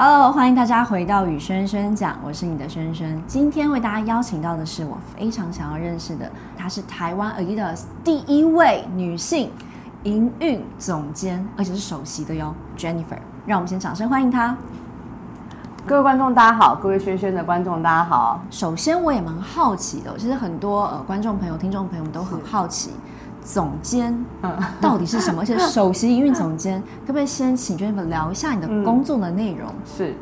Hello，歡迎大家回到與軒軒講，我是你的軒軒。今天為大家邀請到的是我非常想要認識的，她是台灣 adidas 第一位女性營運總監，而且是首席的喲，Jennifer。讓我們先掌聲歡迎她。各位觀眾大家好，各位軒軒的觀眾大家好。首先我也蠻好奇的，其實很多呃觀眾朋友、聽眾朋友們都很好奇。總監，嗯，到底是什麼？ 而且首席營運總監，可不可以先請 Jennifer 聊一下你的工作的內容？嗯、是是，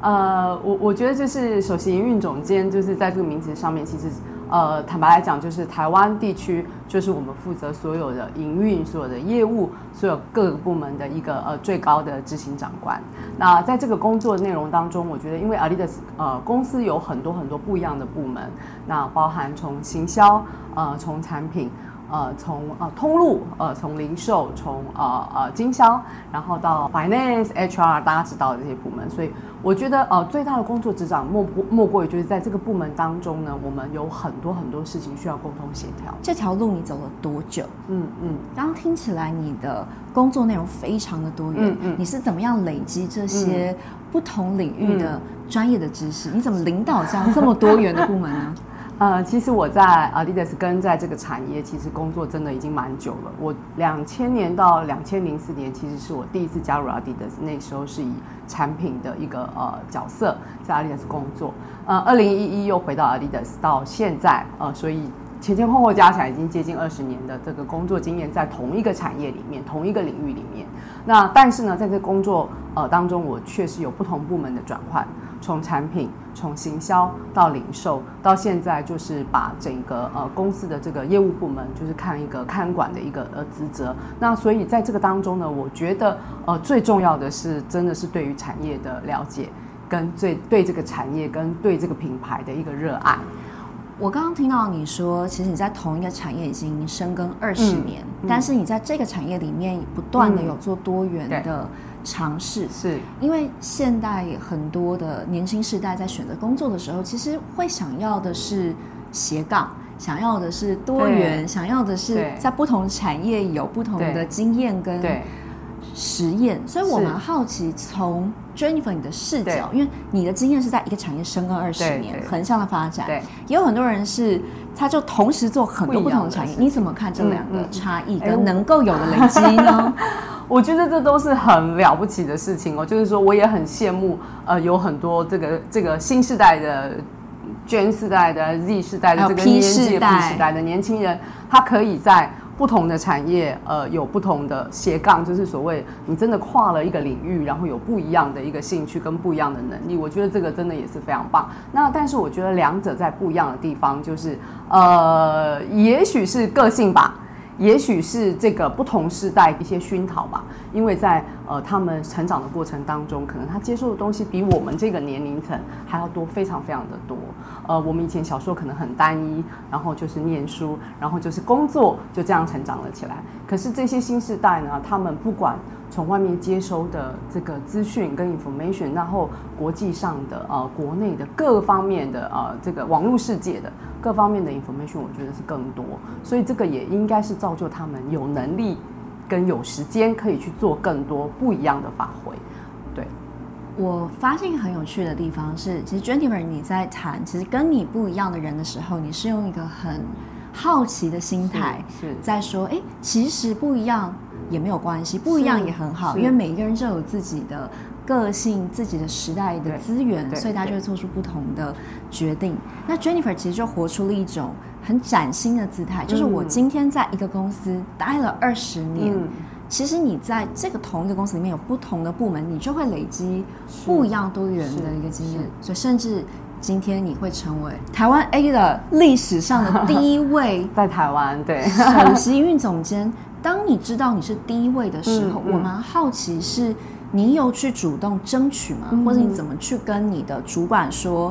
呃，我我覺得就是首席營運總監，就是在這個名詞上面，其實，呃，坦白來講，就是台灣地區，就是我們負責所有的營運、所有的業務、所有各個部門的一個呃最高的執行長官。那在這個工作內容當中，我覺得，因為 adidas 呃公司有很多很多不一樣的部門，那包含從行銷，從、呃、產品。呃，從呃通路，呃，從零售，從呃呃經銷，然後到 finance、HR，大家知道這些部門。所以我覺得，呃，最大的工作職掌莫莫過於就是在這個部門當中呢，我們有很多很多事情需要共同協調。這條路你走了多久？嗯嗯，剛聽起來你的工作內容非常的多元嗯。嗯，你是怎麼樣累積這些不同領域的專業的知識？嗯、你怎麼領導這樣這麼多元的部門呢？ 呃，其實我在 Adidas 跟在這個產業其實工作真的已經蠻久了。我兩千年到兩千零四年，其實是我第一次加入 Adidas，那時候是以產品的一個呃角色在 Adidas 工作。呃，二零一一又回到 Adidas，到現在呃，所以前前後後加起來已經接近二十年的這個工作經驗，在同一個產業裡面、同一個領域裡面。那但是呢，在這個工作呃當中，我確實有不同部門的轉換。從產品、從行銷到零售，到現在就是把整個呃公司的這個業務部門，就是看一個看管的一個呃職責。那所以在這個當中呢，我覺得呃最重要的是，真的是對於產業的了解，跟最對這個產業跟對這個品牌的一個熱愛。我剛剛聽到你說，其實你在同一個產業已經深耕二十年、嗯嗯，但是你在這個產業裡面不斷的有做多元的、嗯。嘗試是，因為現代很多的年輕世代在選擇工作的時候，其實會想要的是斜槓，想要的是多元，想要的是在不同產業有不同的經驗跟對。實驗，所以我蠻好奇從 Jennifer 你的視角，因為你的經驗是在一個產業深耕二十年，橫向的發展，對，也有很多人是，他就同時做很多不同的產業，你怎麼看這兩個差異跟能夠有的累積呢？哎、我， 我覺得這都是很了不起的事情哦，就是說我也很羨慕，呃，有很多這個這個新時代的 Gen 世代的 Z 世代的這個新世代的年輕人，他可以在。不同的產業，呃，有不同的斜槓，就是所謂你真的跨了一個領域，然後有不一樣的一個興趣跟不一樣的能力。我覺得這個真的也是非常棒。那但是我覺得兩者在不一樣的地方，就是呃，也許是個性吧。也許是這個不同世代一些熏陶吧，因為在呃他們成長的過程當中，可能他接受的東西比我們這個年齡層還要多，非常非常的多。呃，我們以前小時候可能很單一，然後就是念書，然後就是工作，就這樣成長了起來。可是這些新世代呢，他們不管。從外面接收的這個資訊跟 information，然後國際上的呃、國內的各方面的呃、這個網絡世界的各方面的 information，我覺得是更多，所以這個也應該是造就他們有能力跟有時間可以去做更多不一樣的發揮。對，我發現一個很有趣的地方是，其實 Jennifer，你在談其實跟你不一樣的人的時候，你是用一個很好奇的心態在說，哎、欸，其實不一樣。也沒有關係，不一樣也很好，因為每一個人就有自己的個性、自己的時代的資源，所以大家就會做出不同的決定。那 Jennifer 其實就活出了一種很嶄新的姿態，嗯、就是我今天在一個公司待了二十年、嗯，其實你在這個同一個公司裡面有不同的部門，你就會累積不一樣多元的一個經驗，所以甚至今天你會成為台灣 adidas 的歷史上的第一位 在台灣對首席 營運總監。當你知道你是第一位的時候，嗯嗯、我蠻好奇是，你有去主動爭取嗎？嗯、或者你怎麼去跟你的主管說？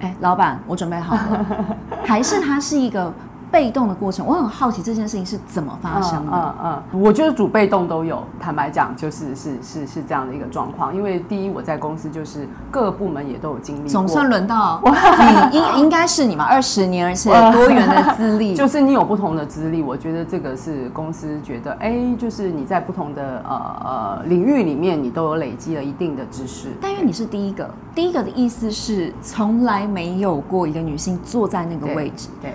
哎、欸，老板，我準備好了， 還是他是一個？被動的過程，我很好奇這件事情是怎麼發生的。嗯嗯，嗯，我覺得主被動都有。坦白講，就是是是是這樣的一個狀況。因為第一，我在公司就是各個部門也都有經歷。總算輪到你，哈哈應應該是你嘛，二十年而且多元的資歷，嗯，就是你有不同的資歷。我覺得這個是公司覺得，哎、欸，就是你在不同的呃呃領域裡面，你都有累積了一定的知識。但因為你是第一個。第一個的意思是，從來沒有過一個女性坐在那個位置。對。對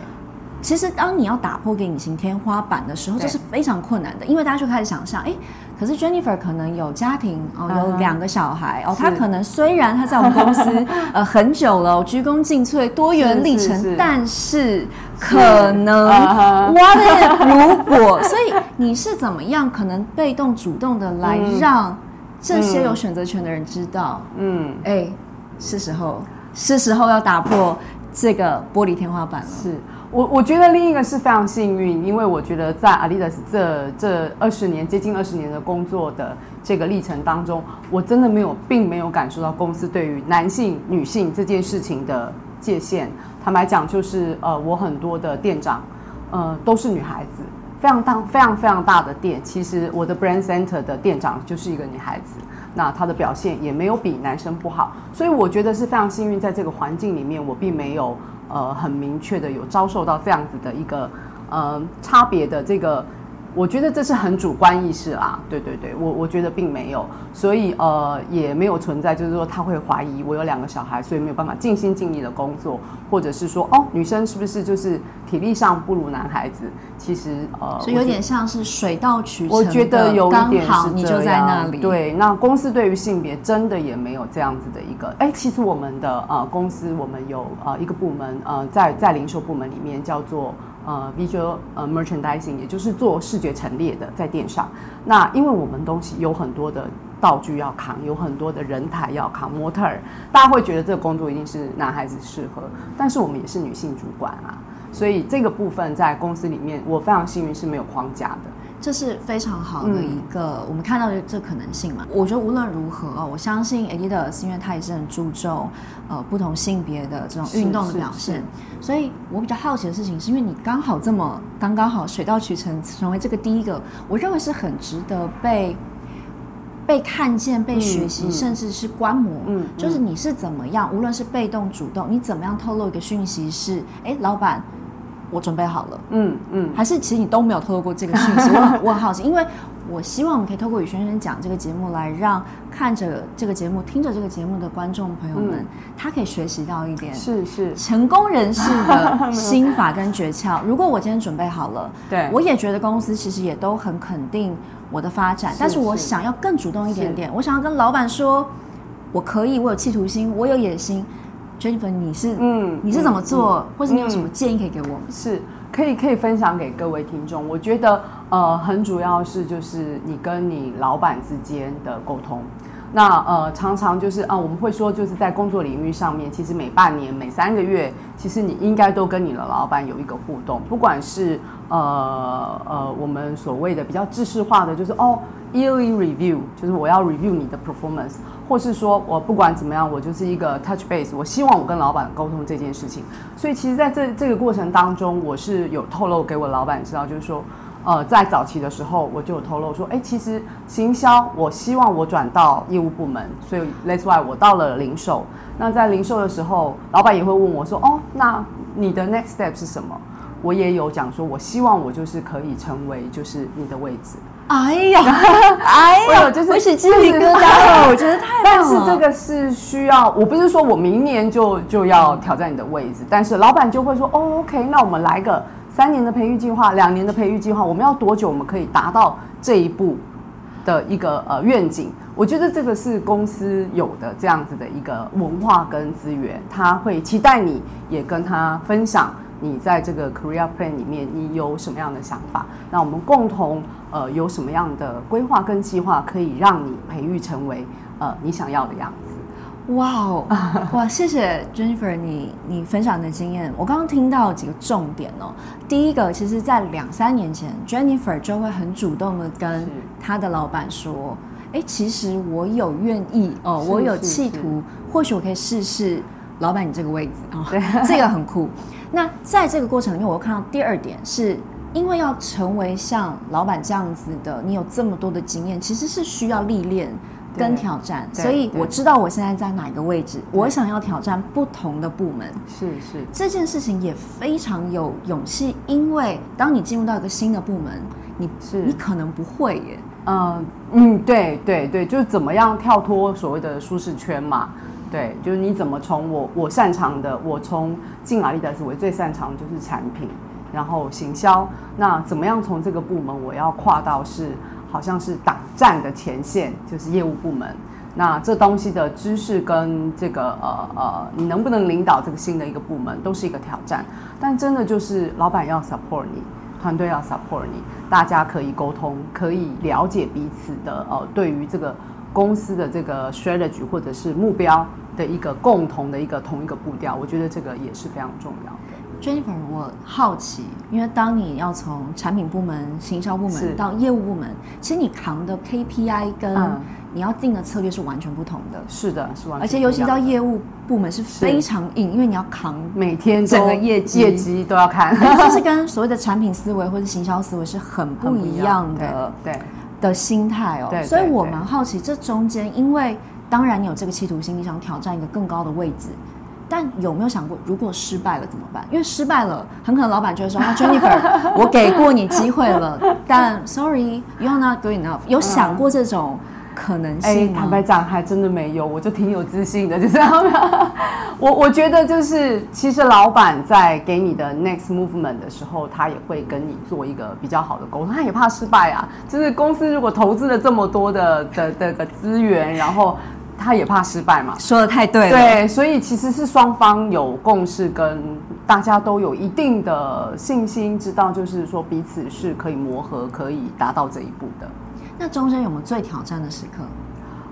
其實，當你要打破隱形天花板的時候，這、就是非常困難的，因為大家就開始想象，哎，可是 Jennifer 可能有家庭哦，uh -huh. 有兩個小孩、uh -huh. 哦，他可能雖然他在我們公司 呃很久了、哦，鞠躬盡瘁，多元歷程， 但是，是可能哇、uh -huh. 如果， 所以你是怎麼樣可能被動主動的來讓這些有選擇權的人知道，嗯，哎，是時候，是時候要打破這個玻璃天花板了， 是。我我覺得另一個是非常幸運，因為我覺得在 adidas 這這二十年接近二十年的工作的這個歷程當中，我真的沒有並沒有感受到公司對於男性、女性這件事情的界限。坦白講，就是呃，我很多的店長，呃，都是女孩子，非常大、非常非常大的店。其實我的 Brand Center 的店長就是一個女孩子，那她的表現也沒有比男生不好，所以我覺得是非常幸運，在這個環境裡面，我並沒有。呃，很明確的有遭受到這樣子的一個呃差別的這個。我覺得這是很主觀意識啊，對對對，我我覺得並沒有，所以呃也沒有存在，就是說他會懷疑我有兩個小孩，所以沒有辦法盡心盡力的工作，或者是說哦，女生是不是就是體力上不如男孩子？其實呃，所以有點像是水到渠成的，我覺得有一點是剛好你就在那裡。對，那公司對於性別真的也沒有這樣子的一個，哎，其實我們的呃公司我們有呃一個部門呃，在在零售部門裡面叫做。呃，visual 呃，merchandising 也就是做視覺陳列的，在電商。那因為我們東西有很多的道具要扛，有很多的人台要扛模特兒，大家會覺得這個工作一定是男孩子適合。但是我們也是女性主管啊，所以這個部分在公司裡面，我非常幸運是沒有框架的。這是非常好的一個、嗯、我們看到的這可能性嘛。我覺得無論如何，我相信 Adidas 因為它也是很注重呃不同性別的這種運動的表現，所以我比較好奇的事情是因為你剛好這麼剛剛好水到渠成成為這個第一個，我認為是很值得被被看見、被學習、嗯，甚至是觀摩。嗯，就是你是怎麼樣，無論是被動、主動，你怎麼樣透露一個訊息是：誒，老闆。我準備好了，嗯嗯，還是其實你都沒有透露過這個訊息，我很我好奇， 因為我希望我們可以透過與軒軒講這個節目，來讓看着這個節目、聽着這個節目的觀眾朋友們、嗯，他可以學習到一點，是是成功人士的心法跟訣竅。 如果我今天準備好了，對，我也覺得公司其實也都很肯定我的發展，是是但是我想要更主動一點點，我想要跟老板說，我可以，我有企圖心，我有野心。Jennifer，你是嗯，你是怎麼做，嗯、或是你有什麼建議可以給我？是可以可以分享給各位聽眾。我覺得呃，很主要是就是你跟你老板之間的溝通。那呃，常常就是啊、呃，我們會說就是在工作領域上面，其實每半年、每三個月，其實你應該都跟你的老板有一個互動，不管是呃呃，我們所謂的比較正式化的，就是哦，yearly review，就是我要 review 你的 performance，或是說我不管怎麼樣，我就是一個 touch base，我希望我跟老板溝通這件事情。所以，其實在這這個過程當中，我是有透露給我老板知道，就是說。呃，在早期的時候，我就有透露說，哎、欸，其實行銷，我希望我轉到業務部門，所以 that's why 我到了零售。那在零售的時候，老板也會問我說，哦，那你的 next step 是什麼？我也有講說，我希望我就是可以成為就是你的位置。哎呀， 哎呀呦， 我就是起雞皮疙瘩，我覺得太棒了。 但是這個是需要，我不是說我明年就就要挑戰你的位置，嗯、但是老板就會說，哦，OK，那我們來個。三年的培育計劃，兩年的培育計劃，我們要多久我們可以達到這一步的一個呃願景？我覺得這個是公司有的這樣子的一個文化跟資源，他會期待你也跟他分享你在這個 career plan 裡面你有什麼樣的想法，那我們共同呃有什麼樣的規劃跟計劃可以讓你培育成為呃你想要的樣子？哇哦，哇，謝謝 Jennifer，你你分享的經驗，我剛剛聽到幾個重點哦、喔。第一個，其實在兩三年前，Jennifer 就會很主動的跟她的老闆說、欸：“其實我有願意哦，喔、是是是我有企圖，是是或許我可以試試老闆你這個位置啊、喔。” 這個很酷。那在這個過程中，我又看到第二點是，是因為要成為像老闆這樣子的，你有這麼多的經驗，其實是需要歷練。跟挑戰，所以我知道我現在在哪一個位置。我想要挑戰不同的部門，是是，這件事情也非常有勇氣，因為當你進入到一個新的部門，你是你可能不會耶。嗯，對對對，就是怎麼樣跳脫所謂的舒適圈嘛。對，就是你怎麼從我我擅長的，我從進 adidas 我最擅長的就是產品，然後行銷。那怎麼樣從這個部門我要跨到是，好像是打。站的前線就是業務部門，那這東西的知識跟這個呃呃，你能不能領導這個新的一個部門，都是一個挑戰。但真的就是，老板要 support 你，團隊要 support 你，大家可以溝通，可以了解彼此的呃，對於這個公司的這個 strategy 或者是目標的一個共同的一個同一個步調，我覺得這個也是非常重要。Jennifer，我好奇，因為當你要從產品部門、行銷部門到業務部門，其實你扛的 KPI 跟你要定的策略是完全不同的。嗯、是的，是完全不同的。而且尤其到業務部門是非常硬，因為你要扛每天整個業績，業績都要看， 就是跟所謂的產品思維或者行銷思維是很不一樣的。樣，對，對，的心態哦。對，對，對，對。所以我蠻好奇，這中間，因為當然你有這個企圖心，你想挑戰一個更高的位置。但有沒有想過，如果失敗了怎麼辦？因為失敗了，很可能老板就會說：“ 啊，Jennifer，我給過你機會了，但 Sorry，you are not doing enough、嗯。啊”有想過這種可能性嗎？欸、坦白講，還真的沒有，我就挺有自信的，就這、是、樣。 我我覺得就是，其實老板在給你的 next movement 的時候，他也會跟你做一個比較好的溝通，他也怕失敗啊。就是公司如果投資了這麼多的的的資源，然後。 他也怕失敗嘛，說得太對了。對，所以其實是雙方有共識，跟大家都有一定的信心，知道就是說彼此是可以磨合，可以達到這一步的。那中間有沒有最挑戰的時刻？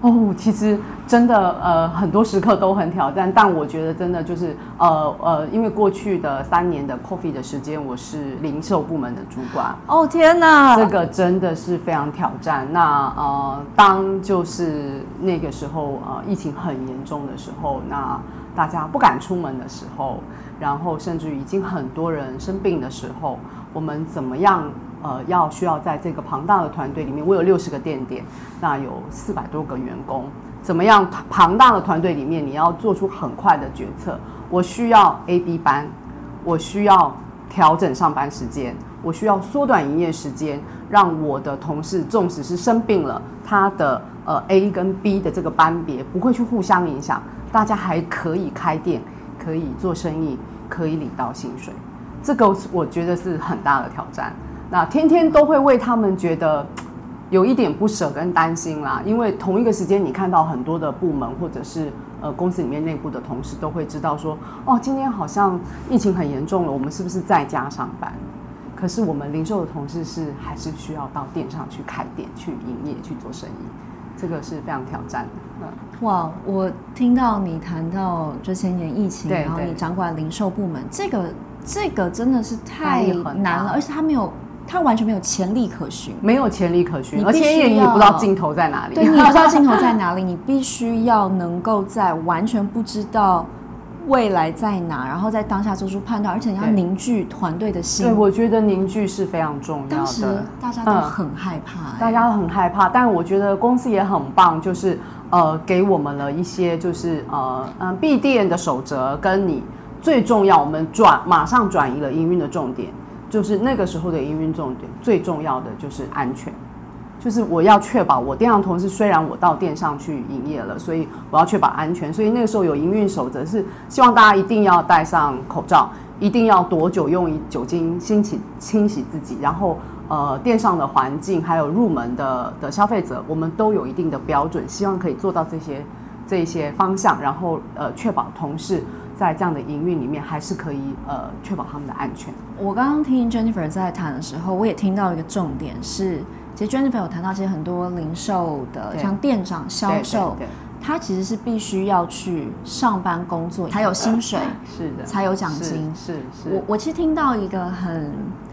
哦，其實真的，呃，很多時刻都很挑戰。但我覺得真的就是，呃呃，因為過去的三年的 COVID 的時間，我是零售部門的主管。哦天吶，這個真的是非常挑戰。那呃，當就是那個時候，呃，疫情很嚴重的時候，那大家不敢出門的時候，然後甚至於已經很多人生病的時候，我們怎麼樣？呃，要需要在這個龐大的團隊裡面，我有六十個店點，那有四百多個員工，怎麼樣？龐大的團隊裡面，你要做出很快的決策。我需要 A、B 班，我需要調整上班時間，我需要縮短營業時間，讓我的同事，縱使是生病了，他的呃 A 跟 B 的這個班別不會去互相影響，大家還可以開店，可以做生意，可以領到薪水。這個我覺得是很大的挑戰。那天天都會為他們覺得有一點不捨跟擔心啦，因為同一個時間，你看到很多的部門或者是呃公司裡面內部的同事都會知道說，哦，今天好像疫情很嚴重了，我們是不是在家上班？可是我們零售的同事是還是需要到店上去開店、去營業、去做生意，這個是非常挑戰的。嗯，哇，我聽到你談到這些年疫情，然後你掌管零售部門，對對這個這個真的是太難了，而且他沒有。他完全沒有潛力可循，沒有潛力可循，而且你也不知道盡頭在哪裡。對，你不知道盡頭在哪裡， 你必須要能夠在完全不知道未來在哪，然後在當下做出判斷，而且你要凝聚團隊的心對。對，我覺得凝聚是非常重要的。嗯、當時大家都很害怕、欸嗯，大家都很害怕，但我覺得公司也很棒，就是呃，給我們了一些就是呃嗯閉店的守則，跟你最重要，我們轉馬上轉移了營運的重點。就是那個時候的營運重點最重要的就是安全，就是我要確保我店上同事，雖然我到店上去營業了，所以我要確保安全。所以那個時候有營運守則是希望大家一定要戴上口罩，一定要多久用酒精清洗清洗自己，然後呃店上的環境還有入門的的消費者，我們都有一定的標準，希望可以做到這些這些方向，然後呃確保同事。在這樣的營運裡面，還是可以呃確保他們的安全。我剛剛聽 Jennifer 在談的時候，我也聽到一個重點是，其實 Jennifer 有談到，其實很多零售的像店長、銷售對對對對，他其實是必須要去上班工作，才有薪水，薪水是的，才有獎金。是是，是。我我其實聽到一個很。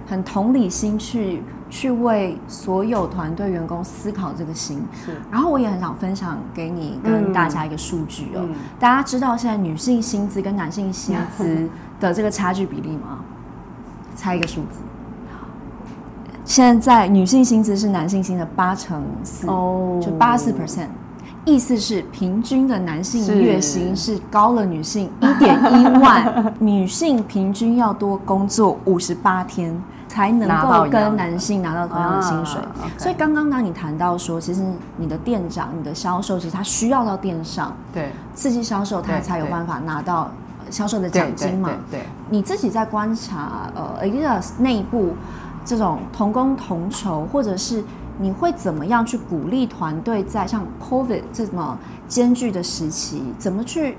很同理心去去為所有團隊員工思考這個心是，然後我也很想分享給你跟大家一個數據哦、嗯嗯。大家知道現在女性薪資跟男性薪資的這個差距比例嗎？猜一個數字。現在女性薪資是男性薪的八成四，哦，就八十四 percent，意思是平均的男性月薪是高了女性一點一萬，女性平均要多工作五十八天。才能夠跟男性拿到同樣的薪水，uh, okay. 所以剛剛呢，你談到說，其實你的店長、你的銷售，其實他需要到店上，對，刺激銷售，他才有辦法拿到銷售的獎金嘛？對，對，對，對，你自己在觀察，呃，Adidas 內部這種同工同酬，或者是你會怎麼樣去鼓勵團隊，在像 COVID 這麼艱巨的時期，怎麼去？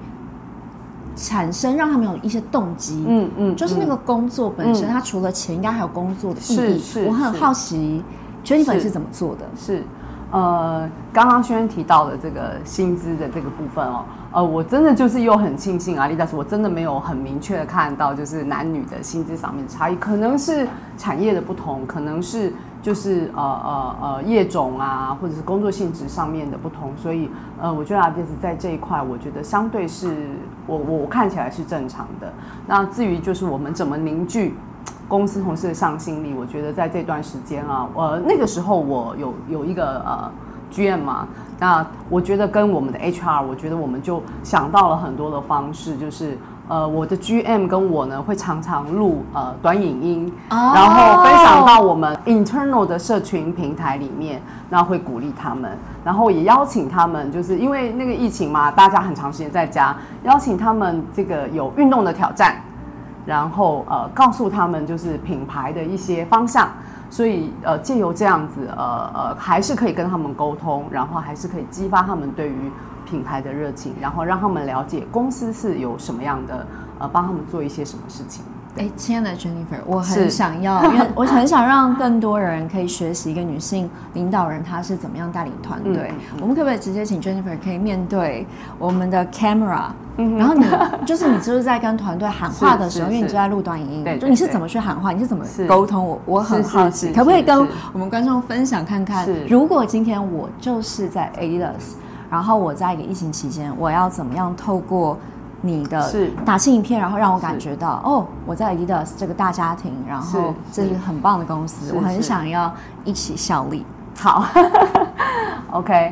產生讓他們有一些動機，嗯嗯，就是那個工作本身，嗯、它除了錢，應該還有工作的意義。是是，是，我很好奇 Jennifer 本身是怎麼做的？是，是呃，剛剛軒軒提到的這個薪資的這個部分哦，呃，我真的就是又很慶幸 adidas，我真的沒有很明確的看到就是男女的薪資上面的差異，可能是產業的不同，可能是就是呃呃呃業種啊，或者是工作性質上面的不同，所以呃，我覺得 adidas 在這一塊，我覺得相對是。我我看起來是正常的。那至於就是我們怎麼凝聚公司同事的向心力，我覺得在這段時間啊，呃那個時候我有有一個呃 GM 嘛，那我覺得跟我們的 HR，我覺得我們就想到了很多的方式，就是。呃，我的 GM 跟我呢會常常錄呃短影音，oh. 然後分享到我們 internal 的社群平台裡面，那會鼓勵他們，然後也邀請他們，就是因為那個疫情嘛，大家很長時間在家，邀請他們這個有運動的挑戰，然後呃告訴他們就是品牌的一些方向。所以，呃，借由這樣子，呃呃，還是可以跟他們溝通，然後還是可以激發他們對於品牌的熱情，然後讓他們了解公司是有什麼樣的，呃，幫他們做一些什麼事情。哎，親愛的 Jennifer，我很想要，因為我很想讓更多人可以學習一個女性領導人，她是怎麼樣帶領團隊。嗯、我們可不可以直接請 Jennifer 可以面對我們的 camera？、嗯、然後你就是你就是在跟團隊喊話的時候，是是是因為你就在錄短影音，音對對對，就你是怎麼去喊話，你是怎麼溝通我？我我很好奇是是是是是是是，可不可以跟我們觀眾分享看看？是如果今天我就是在 adidas 然後我在一個疫情期間，我要怎麼樣透過？你的信影是，打成一片，然後讓我感覺到哦，我在 adidas 這個大家庭，然後這是很棒的公司，我很想要一起效力。好 ，OK，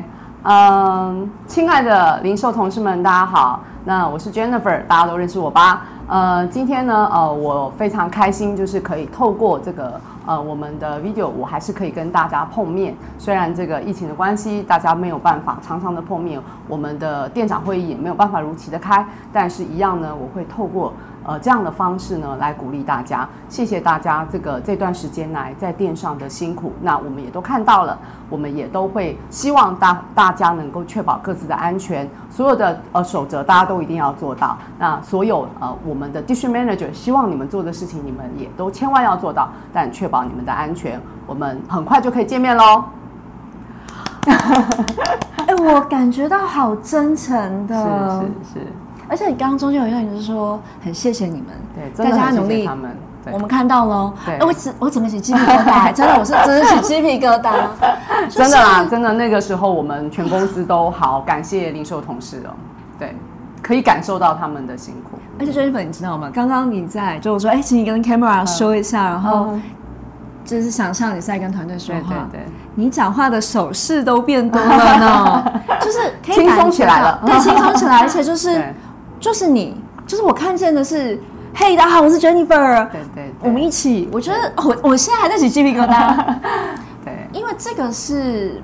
哈哈哈。嗯，親愛的零售同事們，大家好，那我是 Jennifer，大家都認識我吧？呃，今天呢，呃，我非常開心，就是可以透過這個。呃，我們的 video 我還是可以跟大家碰面。雖然這個疫情的關係，大家沒有辦法常常的碰面，我們的店長會議也沒有辦法如期的開，但是一樣呢，我會透過。呃，這樣的方式呢，來鼓勵大家。謝謝大家，這個這段時間來在店上的辛苦，那我們也都看到了。我們也都會希望大大家能夠確保各自的安全，所有的呃守則大家都一定要做到。那所有呃我們的 District Manager，希望你們做的事情，你們也都千萬要做到，但確保你們的安全。我們很快就可以見面嘍。哎、 欸，我感覺到好真誠的，是是是。是而且你剛剛中間有一段你是說很謝謝你們，對，大家努力，他們，我們看到了。對，欸、我只我怎麼起雞皮疙瘩？ 真的，我是真的起雞皮疙瘩。 就是、真的啦、啊，真的。那個時候我們全公司都好 感謝零售同事哦，對，可以感受到他們的辛苦。而且 Jennifer、嗯，你知道嗎？剛剛你在就我說，哎、欸，請你跟 camera 說一下、嗯，然後就是想象你在跟團隊說話，對對，對對，你講話的手勢都變多了呢， 就是輕鬆起來了，更輕鬆起來， 而且就是。對就是你，就是我看見的是，嘿、hey，大家好，我是 Jennifer，對，對對，我們一起，我覺得我我現在還在起雞皮疙瘩， 對，因為這個是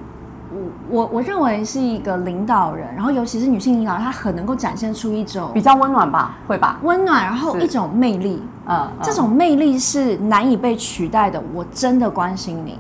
我我我認為是一個領導人，然後尤其是女性領導人，她很能夠展現出一種比較溫暖吧，會吧，溫暖，然後一種魅力，嗯，嗯，這種魅力是難以被取代的，我真的關心你，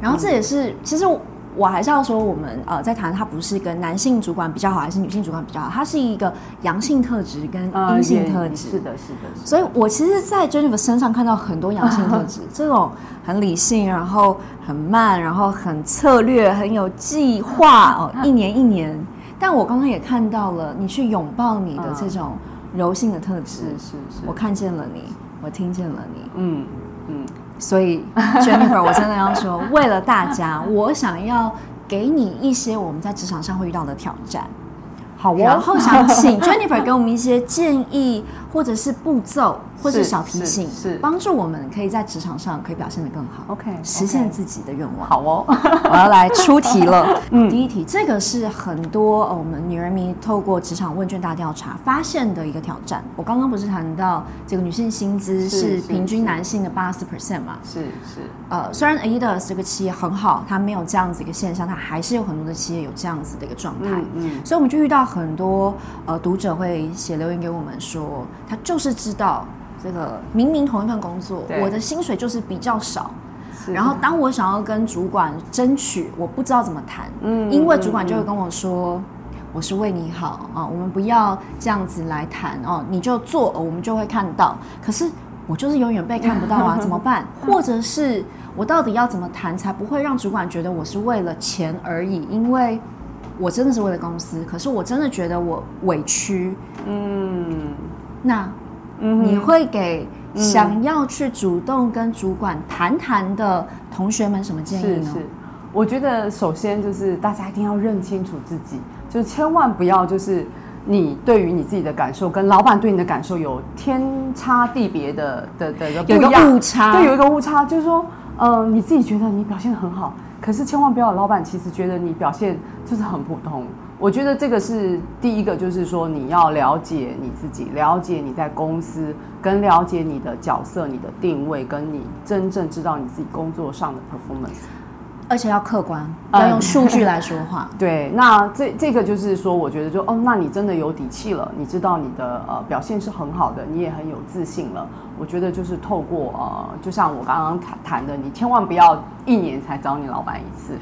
然後這也是、嗯、其實我。我還是要說，我們呃，在談他不是跟男性主管比較好，還是女性主管比較好？他是一個陽性特質跟陰性特質，是的，是的。所以，我其實，在 Jennifer 身上看到很多陽性特質，這種很理性，然後很慢，然後很策略，很有計劃哦，一年一年。但我剛剛也看到了，你去擁抱你的這種柔性的特質，是是是，我看見了你，我聽見了你，嗯。所以，Jennifer，我真的要說， 為了大家，我想要給你一些我們在職場上會遇到的挑戰。好哦，然後想請 Jennifer 給我們一些建議， 或者是步驟。或者小提醒，是、是、是幫助我們可以在職場上可以表現得更好。Okay, OK，實現自己的願望。好哦， 我要來出題了、了。嗯，第一題，這個是很多、呃、我們女人迷透過職場問卷大調查發現的一個挑戰。我剛剛不是談到這個女性薪資是平均男性的八十四 percent 嗎？是是、是。呃，雖然 adidas 這個企業很好，它沒有這樣子一個現象，它還是有很多的企業有這樣子的一個狀態、嗯。嗯。所以我們就遇到很多呃讀者會寫留言給我們說，他就是知道。這個明明同一份工作，我的薪水就是比較少啊。然後當我想要跟主管爭取，我不知道怎麼談。嗯，因為主管就會跟我說：“嗯，我是為你好啊，哦，我們不要這樣子來談哦，你就做，我們就會看到。”可是我就是永遠被看不到啊， 怎麼辦？或者是我到底要怎麼談才不會讓主管覺得我是為了錢而已？因為我真的是為了公司，可是我真的覺得我委屈。嗯，那。嗯，你會給想要去主動跟主管談談的同學們什麼建議呢？是是，我覺得首先就是大家一定要認清楚自己，就是千萬不要就是你對於你自己的感受跟老闆對你的感受有天差地別的的的的，有一個誤差。對，有一個誤差，就是說，嗯、呃，你自己覺得你表現得很好，可是千萬不要老闆其實覺得你表現就是很普通。我覺得這個是第一個，就是說你要了解你自己，了解你在公司，跟了解你的角色、你的定位，跟你真正知道你自己工作上的 performance，而且要客觀，嗯、要用數據來說話。 對，那這這個就是說，我覺得就哦，那你真的有底氣了，你知道你的呃表現是很好的，你也很有自信了。我覺得就是透過呃，就像我剛剛談的，你千萬不要一年才找你老板一次。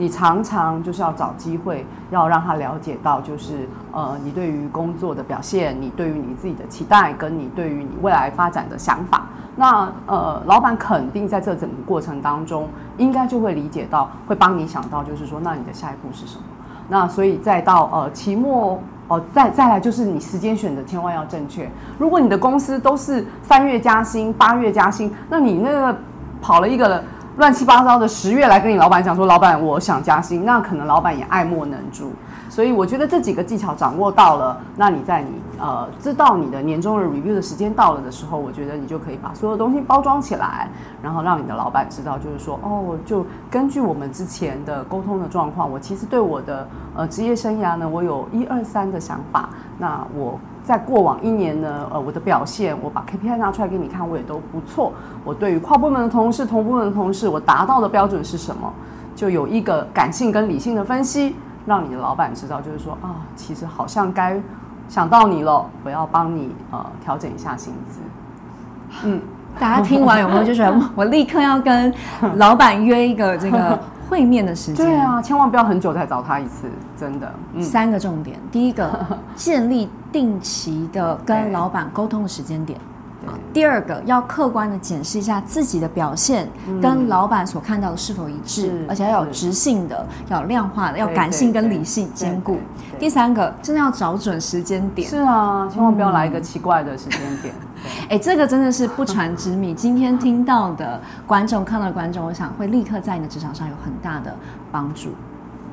你常常就是要找機會，要讓他了解到，就是呃，你對於工作的表現，你對於你自己的期待，跟你對於你未來發展的想法。那呃，老板肯定在這整個過程當中，應該就會理解到，會幫你想到，就是說，那你的下一步是什麼？那所以再到呃，期末哦、呃，再再來就是你時間選擇千萬要正確。如果你的公司都是三月加薪、八月加薪，那你那個跑了一個亂七八糟的十月來跟你老闆講說，老闆，我想加薪，那可能老闆也愛莫能助。所以我覺得這幾個技巧掌握到了，那你在你呃知道你的年終的 review 的時間到了的時候，我覺得你就可以把所有東西包裝起來，然後讓你的老闆知道，就是說，哦，就根據我們之前的溝通的狀況，我其實對我的呃職業生涯呢，我有一二三的想法。那我。在過往一年呢，呃，我的表現，我把 KPI 拿出來給你看，我也都不錯。我對於跨部門的同事、同部門的同事，我達到的標準是什麼？就有一個感性跟理性的分析，讓你的老板知道，就是說啊、哦，其實好像該想到你了，我要幫你呃調整一下薪資。嗯，大家聽完有沒有就是我立刻要跟老板約一個這個？會面的時間對啊，千萬不要很久才找他一次，真的、嗯。三個重點，第一個，建立定期的跟老板溝通的時間點、啊。第二個，要客觀的檢視一下自己的表現跟老板所看到的是否一致，嗯、而且要有質性的，要有量化的，要感性跟理性兼顧。第三個，真的要找準時間點對對對對。是啊，千萬不要來一個奇怪的時間點。嗯 哎、欸，這個真的是不傳之秘。今天聽到的觀眾看到的觀眾，我想會立刻在你的職場上有很大的幫助。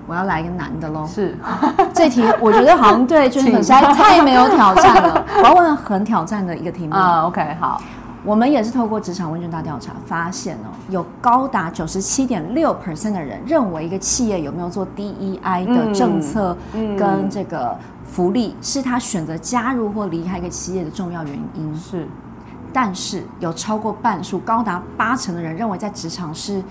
我要來一個難的嘍。是， 啊、這題我覺得好像對 Jennifer 實在太沒有挑戰了。 我要問很挑戰的一個題目啊。Uh, OK，好，我們也是透過職場問卷大調查發現哦，有高達九十七點六 percent 的人認為，一個企業有沒有做 DEI 的政策、嗯、跟這個福利，嗯、是他選擇加入或離開一個企業的重要原因。是。但是有超過半數，高達八成的人認為在職場是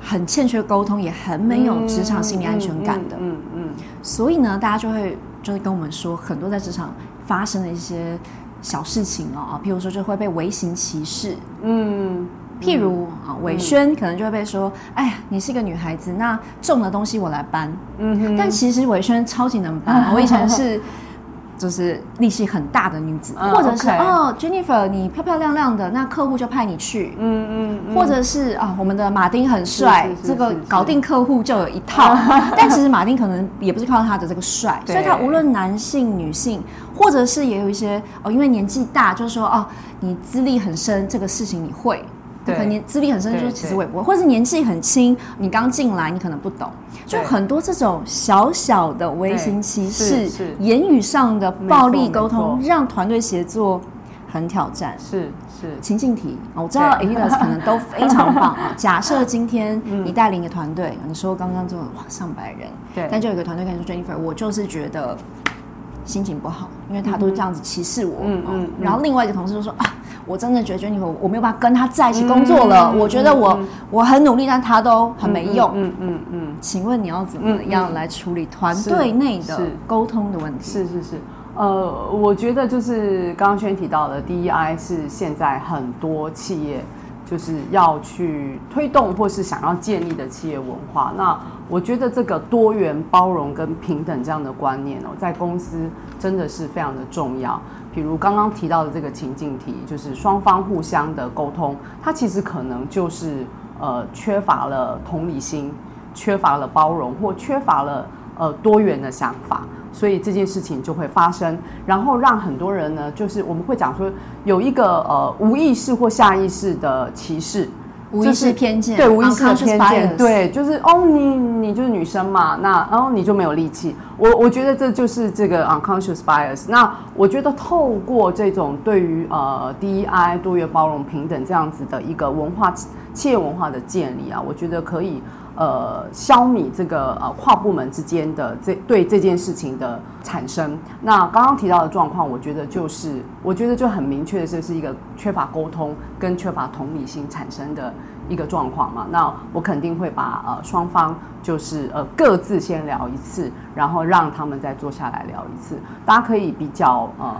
很欠缺溝通，也很沒有職場心理安全感的。嗯嗯，嗯，嗯，嗯。所以呢，大家就會就會跟我們說，很多在職場發生的一些小事情哦，啊，譬如說就會被微型歧視。嗯。嗯，譬如啊，瑋、嗯、軒、嗯、可能就會被說：“哎呀，你是一個女孩子，那重的東西我來搬。嗯。”嗯，但其實瑋軒超級能搬，嗯、我以前是。嗯就是力氣很大的女子，或者是，uh, okay. 哦，Jennifer，你漂漂亮亮的，那客戶就派你去，嗯嗯，嗯，或者是啊，哦，我們的馬丁很帥，嗯，這個搞定客戶就有一套。 但其實馬丁可能也不是靠他的這個帥，所以他無論男性、女性，或者是也有一些哦，因為年紀大，就是說哦，你資歷很深，這個事情你會。很你資歷很深，說其實我也不會，或者年紀很輕，你剛進來，你可能不懂。就很多這種小小的微型歧視是是、言語上的暴力溝通，讓團隊協作很挑戰。是是情境題、喔，我知道 adidas 可能都非常棒啊、喔。 假設今天你帶領一個團隊、 嗯，你說剛剛哇上百人，對，但就有一個團隊跟你說，Jennifer，我就是覺得心情不好，因為他都這樣子歧視我嗯。嗯，然後另外一個同事就說、嗯、啊。我真的覺得你我我沒有辦法跟他在一起工作了。嗯、我覺得我、嗯、我很努力，但他都很沒用。嗯嗯嗯、嗯。請問你要怎麼樣來處理團隊內的溝通的問題？是是是、是、是。呃，我覺得就是剛剛軒提到的 DEI 是現在很多企業。就是要去推動或是想要建立的企業文化。那我覺得這個多元、包容跟平等這樣的觀念哦，在公司真的是非常的重要。比如剛剛提到的這個情境題，就是雙方互相的溝通，它其實可能就是呃缺乏了同理心，缺乏了包容，或缺乏了呃多元的想法。所以這件事情就會發生，然後讓很多人呢，就是我們會講說有一個呃無意識或下意識的歧視，就是、無意識偏見，對，無意識的偏見，對，就是哦你你就是女生嘛，那然後、哦、你就沒有力氣。我我覺得這就是這個 unconscious bias。那我覺得透過這種對於呃 D I 多元包容平等這樣子的一個文化企業文化的建立啊，我覺得可以。呃，小米這個呃跨部門之間的這對這件事情的產生，那剛剛提到的狀況，我覺得就是，我覺得就很明確的是一個缺乏溝通跟缺乏同理心產生的一個狀況嘛。那我肯定會把呃雙方就是呃各自先聊一次，然後讓他們再坐下來聊一次，大家可以比較呃。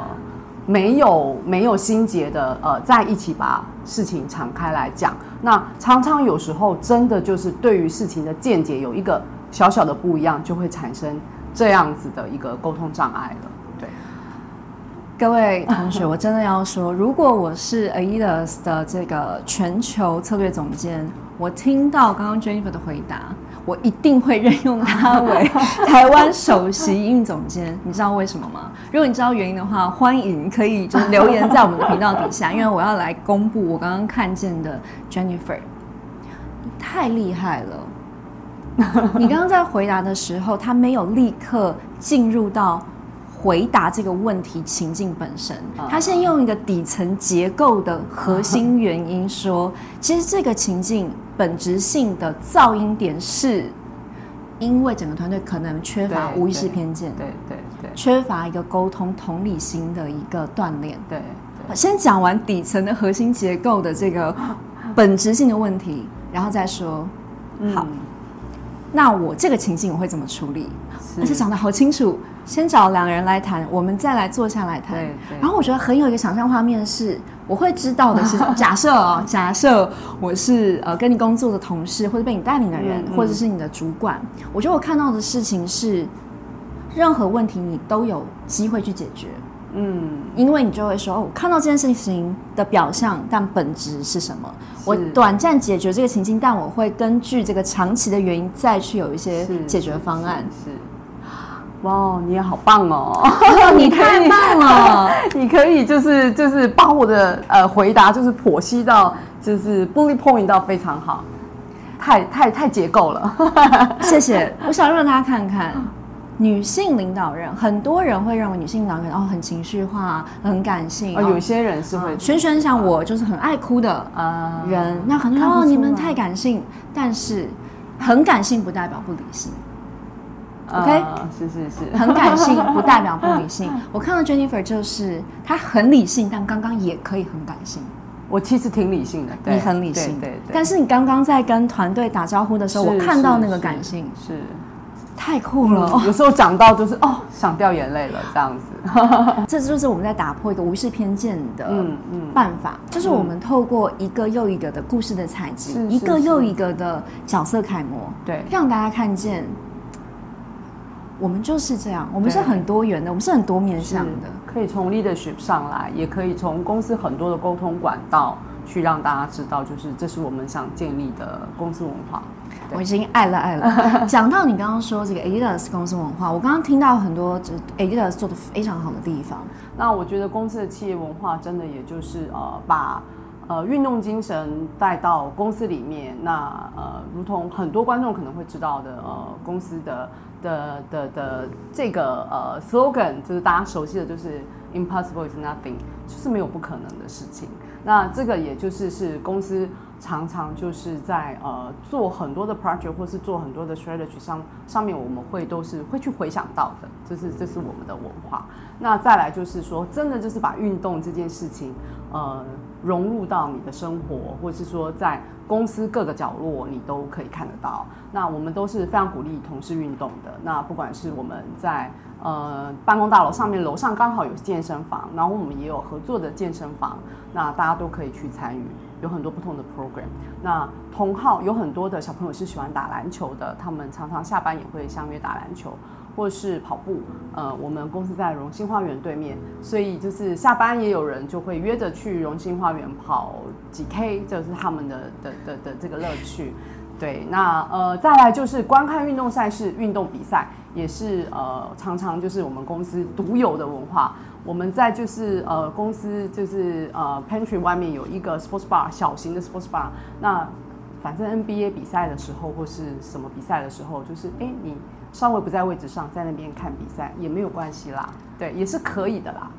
沒有沒有心結的，呃，在一起把事情敞開來講，那常常有時候真的就是對於事情的見解有一個小小的不一樣，就會產生這樣子的一個溝通障礙了。對，各位同學，我真的要說， 如果我是 adidas 的這個全球策略總監，我聽到剛剛 Jennifer 的回答，我一定會任用他為台灣首席營運總監，你知道為什麼嗎？如果你知道原因的話，歡迎可以就是留言在我們的頻道底下，因為我要來公布我剛剛看見的 Jennifer。太厲害了！你剛剛在回答的時候，他沒有立刻進入到。回答這個問題情境本身，他先用一個底層結構的核心原因說，其實這個情境本質性的噪音點是，因為整個團隊可能缺乏無意識偏見，對對對，缺乏一個溝通同理心的一個鍛鍊。對，先講完底層的核心結構的這個本質性的問題，然後再說。好，那我這個情境我會怎麼處理？而且講得好清楚。先找兩個人來談，我們再來坐下來談。對，然後我覺得很有一個想象畫面是，我會知道的是，假設哦， 假設我是呃跟你工作的同事，或者被你帶領的人，嗯嗯，或者是你的主管，我覺得我看到的事情是，任何問題你都有機會去解決。嗯，因為你就會說，哦、我看到這件事情的表象，但本質是什麼？我短暫解決這個情境，但我會根據這個長期的原因再去有一些解決方案。是。是是是哇、wow，你也好棒哦，哦！你太棒了， 你，可以 你可以就是就是幫我的呃回答就是剖析到就是 bullet point 到非常好，太太太結構了。 謝謝，我想讓大家看看女性領導人，很多人會認為女性領導人哦很情緒化、很感性啊、哦哦。有些人是會，軒、哦、軒像我就是很愛哭的呃人，那、呃、很多人、哦、你們太感性，但是很感性不代表不理性。OK，、嗯、是是是，很感性 不代表不理性。我看到 Jennifer 就是她很理性，但剛剛也可以很感性。我其實挺理性的，對你很理性，對，對，對，對。但是你剛剛在跟團隊打招呼的時候，是是是是我看到那個感性是，是，是太酷了。嗯、有時候講到就是哦，想掉眼淚了這樣子。 這就是我們在打破一個無視偏見的嗯嗯辦法嗯嗯，就是我們透過一個又一個的故事的採集，是是是一個又一個的角色楷模，對，讓大家看見。我們就是這樣，我們是很多元的，我們是很多面向的。可以從 leadership 上來，也可以從公司很多的溝通管道去讓大家知道，就是這是我們想建立的公司文化。我已經愛了愛了。 講到你剛剛說這個 adidas 公司文化，我剛剛聽到很多就是 adidas 做得非常好的地方。那我覺得公司的企業文化真的也就是呃，把呃運動精神帶到公司裡面。那呃，如同很多觀眾可能會知道的，呃，公司的。的的的這個呃 slogan 就是大家熟悉的，就是 impossible is nothing，就是沒有不可能的事情。那這個也就是是公司常常就是在呃做很多的 project 或是做很多的 strategy 上上面，我們會都是會去回想到的，就是這是我們的文化。那再來就是說，真的就是把運動這件事情，呃。融入到你的生活，或者是說在公司各個角落，你都可以看得到。那我們都是非常鼓勵同事運動的。那不管是我們在呃辦公大樓上面，樓上剛好有健身房，然後我們也有合作的健身房，那大家都可以去參與，有很多不同的 program。那同好有很多的小朋友是喜歡打籃球的，他們常常下班也會相約打籃球。或是跑步，呃，我們公司在榮星花園對面，所以就是下班也有人就會約着去榮星花園跑幾 K，這是他們的的的的這個樂趣。對，那呃，再來就是觀看運動賽事、運動比賽，也是呃，常常就是我們公司獨有的文化。我們在就是呃，公司就是呃，pantry 外面有一個 sports bar，小型的 sports bar。那反正 NBA 比賽的時候，或是什麼比賽的時候，就是哎、欸、你。稍微不在位置上，在那邊看比賽也沒有關係啦，對，也是可以的啦，